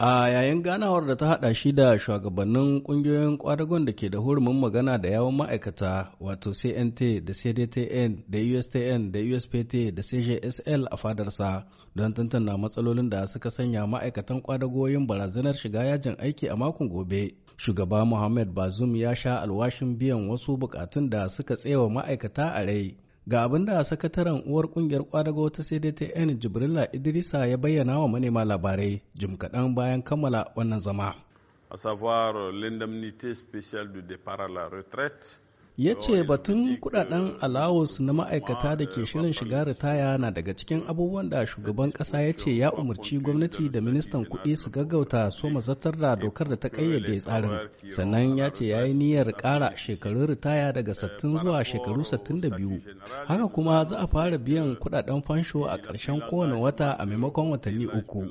A yayin ganawar da ta hada shi da shugabannin kungiyoyin kwadagon da ke da hurumin magana da yawon ma'aikata wato CNT da CDTN da USTN da USPT da CJSL a fadarsa don tantana matsalolin da suka sanya ma'aikatan kwadagoyin barazanar shiga yajin aiki a makon gobe. Shugaba Muhammad Bazum ya sha alwashin biyan wasu bukatun da suka tsewa ma'aikata a rai. Ga abin da sakataren uwar kungiyar kwadago ta CDTN Jibrila Idrisa ya bayyana wa manema labarai jim kaɗan bayan kammala wannan zama. a savoir l'indemnité spéciale du départ à la retraite, ya ce batun kudaden alawus na ma'aikata da ke shirin shiga ritaya na daga cikin abubuwan da shugaban kasa ya ce ya umarci gwamnati da ministan kuɗi su gaggauta so mazatar da dokar da ta kayyade tsarin sannan ya ce ya yi niyyar kara shekarun ritaya daga 60 zuwa shekaru da biyu. haka kuma za a fara biyan kudaden fansho a ƙarshen kowane wata a maimakon watanni uku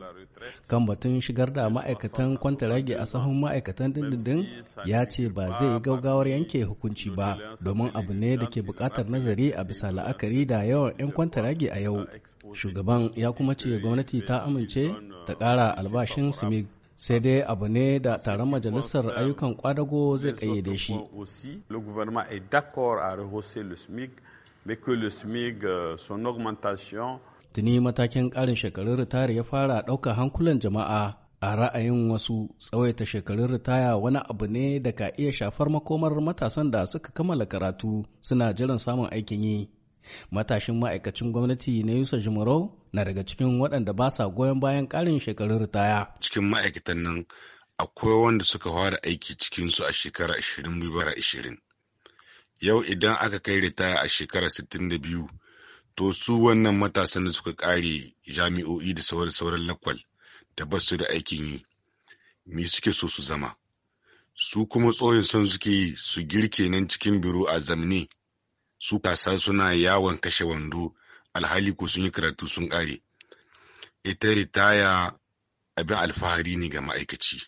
kan batun shigar da ma'aikatan kwantarage a sahun ma'aikatan dindindin ya ce ba zai yi gaugawar yanke hukunci ba domin abu ne da ke bukatar nazari a bisa la'akari da yawan 'yan kwantaragi a yau shugaban ya kuma ce gwamnati ta amince ta ƙara albashin simig sai dai abu ne da taron majalisar ayyukan kwadago zai kayyade shi euh, tuni matakin ƙarin shekarun ritari ya fara ɗaukar hankulan jama'a a ra'ayin wasu tsawaita shekarun ritaya wani abu ne da ka iya shafar makomar matasan da suka kammala karatu suna jiran samun aikin yi matashin ma'aikacin gwamnati na yusa jimarau na daga cikin waɗanda ba sa goyon bayan ƙarin shekarun ritaya cikin ma'aikatan nan akwai wanda suka fara aiki cikinsu a shekara 2020 yau idan aka kai ritaya a shekara 62 to su wannan matasan da suka kare jami'o'i da sauran sauran lakwal da ba su da aikin yi me suke so su zama su kuma tsohon son suke yi su girke nan cikin biro a zamne su kasa suna yawon kashe wando alhali ko sun yi karatu sun ƙare ita ritaya abin alfahari ne ga ma'aikaci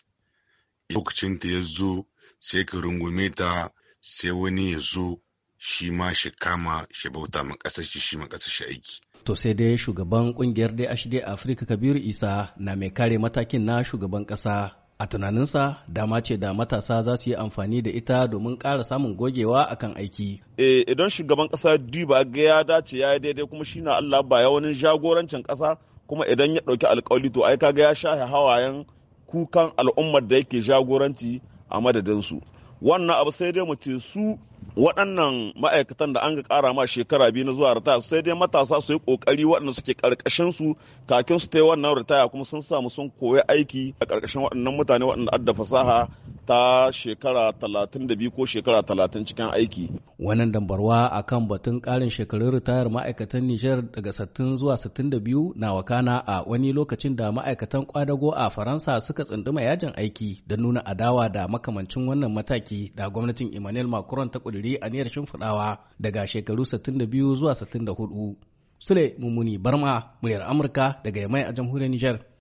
lokacinta ya zo sai ka rungume ta sai wani ya zo shi ma shi kama shi bauta ma ƙasar shi shi ma ƙasar shi aiki. To sai dai shugaban kungiyar dai Afirka Kabiru Isa na mai kare matakin na shugaban ƙasa a tunaninsa dama ce da matasa za su yi amfani da ita domin ƙara samun gogewa akan aiki. Eh idan shugaban ƙasa duba ga ya dace ya daidai kuma shi na Allah ba ya wani jagorancin ƙasa kuma idan ya ɗauki alƙawari to ai kaga ya sha hawayen kukan al'ummar da yake jagoranci a madadinsu. Wannan abu sai dai mu ce su waɗannan ma'aikatan da an ga ƙara ma shekara biyu na zuwa ritaya sai dai matasa su yi ƙoƙari waɗanda suke ƙarƙashin su kakin su ta yi wannan ritaya kuma sun samu sun koya aiki a ƙarƙashin waɗannan mutane waɗanda adda fasaha ta shekara talatin da biyu ko shekara talatin cikin aiki. Wannan dambarwa a kan batun ƙarin shekarun ritayar ma'aikatan Nijar daga sattin zuwa sittin na wakana a wani lokacin da ma'aikatan kwadago a Faransa suka tsunduma yajin aiki don nuna adawa da makamancin wannan mataki da gwamnatin Emmanuel Macron ta ƙudiri a aniyar shimfiɗawa daga shekaru 62 zuwa 64. Sule Mummuni Barma, muryar Amurka daga Yamai a jamhuriyar Nijar.